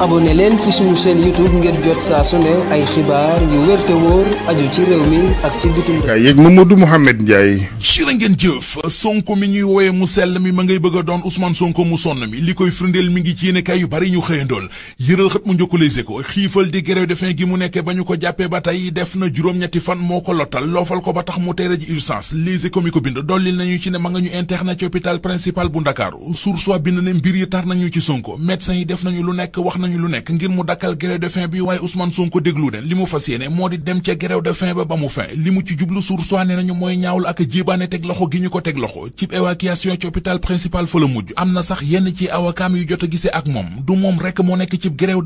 abonné leen ci suñu seen YouTube ngir jot saa su ne ay xibaar yu wér wóor aju ci réew mi ak ci bitim réew. yéeg Mamadou Mouhamed Ndiaye. jërë ngeen jëf Sonko mi ñuy wooye mu sell mi ma ngay bëgg a doon Ousmane Sonko mu sonn mi li koy firndeel mi ngi ci yéene kaay yu bari ñu xëyandool yëral xët mu njëkk Les Échos xiifal di grève de gi mu nekkee ba ñu ko jàppee ba tey def na juróom-ñetti fan moo ko lottal loofal ko ba tax mu teere ji urgence Les Échos mi ko bind dollil nañu ci nga ñu internet ci hôpital principal bu Ndakaaru source bind ne mbir yi tar ci Sonko médecin yi def nañu lu nekk wax nañu lu nekk ngir mu dakkal grève de faim bi waaye Ousmane Sonko ak jébaane a gisee ak yi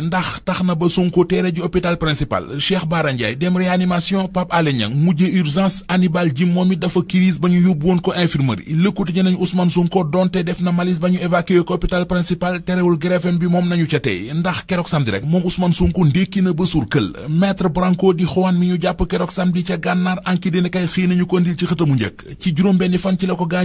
ndax tax na ba Sonko teere ji hôpital principal Cheikh Bara Ndiaye dem réanimation Pape Alé Niang mujjee urgence Hannibal Djim moom it dafa crise ba ñu yóbbu woon ko infirmerie Le Quotidien nañu Ousmane Sonko donte def na malice ba ñu évacué ko hôpital principal terewul grève bi moom nañu ca tey ndax keroog samedi rek moom Ousmane Sonko ndékki na ba kël maître Branco di xowaan mi ñu jàpp keroog samedi ca gànnaar anki dina kay xii nañu ko ndil ci xëtamu njëkk ci juróom-benni fan ci la ko gaa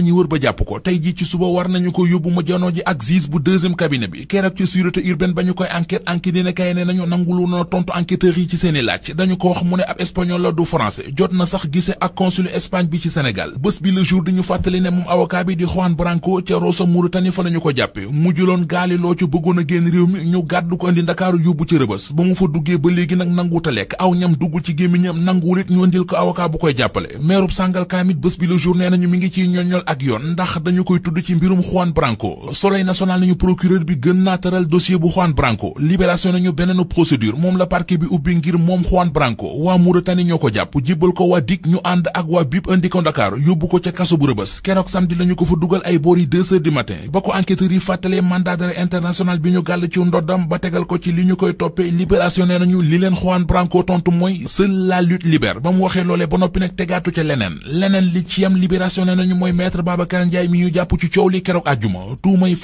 wër enquêteurs yi ci seeni laaj dañu ko wax mu ne ab espagnol la du français jot na sax gise ak consul Espagne bi ci Sénégal bés bi le jour di ñu fàttali ne moom avocat bi di Juan Branco ca Rosso Mauritanie fa la ko jàppe mujjuloon gaali loo ci bëggoon a génn réew mi ñu gàddu ko indi Ndakaaru yóbbu ci rëbës ba mu fa duggee ba léegi nag nanguwuta lekk aw ñam dugg ci gémmiñam nanguwul it ñu andil ko avocat bu koy jàppale meerub Sàngalkaam kaamit bés bi la jour nee nañu mi ngi ciy ñoññol ak yoon ndax dañu koy tudd ci mbirum Juan Branco Soleil national nañu procureur bi gën naa tëral dossier bu Juan Branco libération nañu beneenu procédure moom la parquet bi ubbi ngir moom Juan Branco waa Mauritanie ñoo ko jàpp jébbal ko waa DIC ñu ànd ak waa BIP indi ko Dakar yóbbu ko ca kaso bu rëbës keroog samedi lañu ko fa dugal ay boor yi deux heures du matin ba ko enquêteurs yi fàttalee mandat d'arrêt bi ñu gàll ci ndoddam ba tegal ko ci li ñu koy toppee libération nee nañu li leen Juan Branco tontu mooy seule la lutte libère ba mu waxee loolee ba noppi nag tegaatu ca leneen leneen li ci yam libération nee nañu mooy maître Babacar Ndiaye mi ñu jàpp ci coow li keroog àjjuma tuumay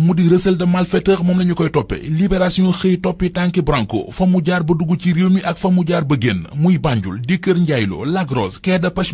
moom la ñu koy toppee libération xëy toppi tànki Branco fa dugg ci réew ba génn muy Banjul di Kër Njaayloo Lac Rose quai de pêche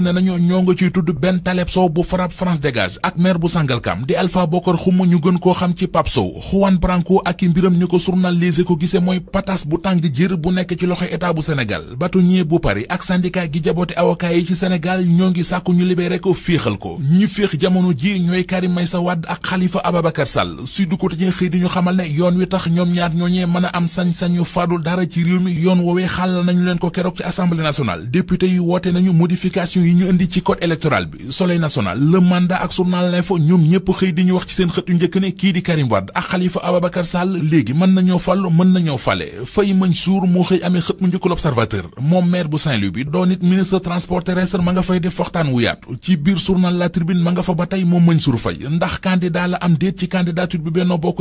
ne nañu ñoo nga ciy tudd benn Taleb Sow bu FRAPP France Dégage ak maire bu Sangalkam di Alpha Bokar Xuma ñu gën koo xam ci Pape Sow Juan Branco ak i mbiram ni ko journal Les Échos gisee mooy patas bu tàng jër bu nekk ci loxo état bu Sénégal bâtonnier bu Paris ak syndicat gi jaboote avocat yi ci Sénégal ñoo ngi sàkku ñu libéré ko féexal ko ñi féex jamono ji ñooy Karim Meïssa Wade ak Khalifa Ababacar Sall Sud Quotidien xëy di ñu xamal ne yoon wi tax ñoom ñaar ñooñee mën a am sañ-sañu faddu dara ci réew mi yoon woowee xàllal nañu leen ko keroog ci assemblée nationale député yi woote nañu modification yi ñu indi ci code électoral bi soleil national le mandat ak journal l'info ñoom ñëpp xëy di ñu wax ci seen xëtu njëkk ne kii di Karim Wade ak Khalifa Ababacar Sall léegi mën nañoo fàllu mën nañoo fale Faye Mansour moo xëy amee xët mu njëkk l'observateur moom maire bu Saint-Louis bi doon it ministre transport terrestre ma nga fay def waxtaan wu yaatu ci biir journal la tribune ma nga fa ba tey moom Mansour Faye ndax candidat la am déet ci candidature bi Benno Bokk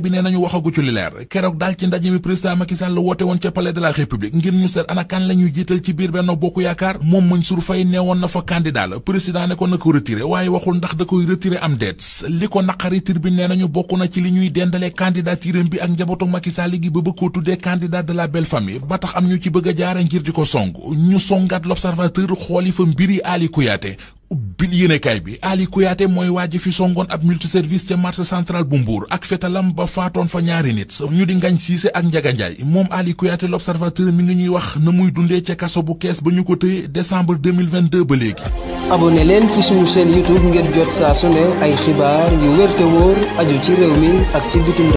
bi nee nañu waxagu ci lu leer keroog daal ci ndaje mi président Macky Sall la woote woon ca palais de la république ngir ñu seet ana kan jiital ci biir Benno Bokk Yaakaar moom Mansour Faye neewoon na fa candidat la président ne ko na ko retiré waaye waxul ndax da koy retiré am deet li ko naqari bi nee nañu bokk na ci li ñuy dendale dendalee candidature bi ak njabootu Macky Sall gi ba bëgg koo tuddee candidat de la belle famille ba tax am ñu ci bëgg a jaare ngir di ko song ñu songaat l'observateur xooli fa mbiri Ali Kouyaté ubbil yéenekaay bi Ali Kouyaté mooy waaji fi songoon ab multiservice ca marché central bu Mbour ak fetalam ba faatoon fa ñaari nit ñu di ngañ siise ak Njaga Njaay moom Ali Kouyaté l'observateur mi ngi ñuy wax na muy dundee ca kaso bu kees ba ñu ko tëye décembre 2022 ba léegi abonné leen ci suñu chaîne YouTube ngir jot saa su ne ay xibaar yu wér wóor aju ci réew mi ak ci bitim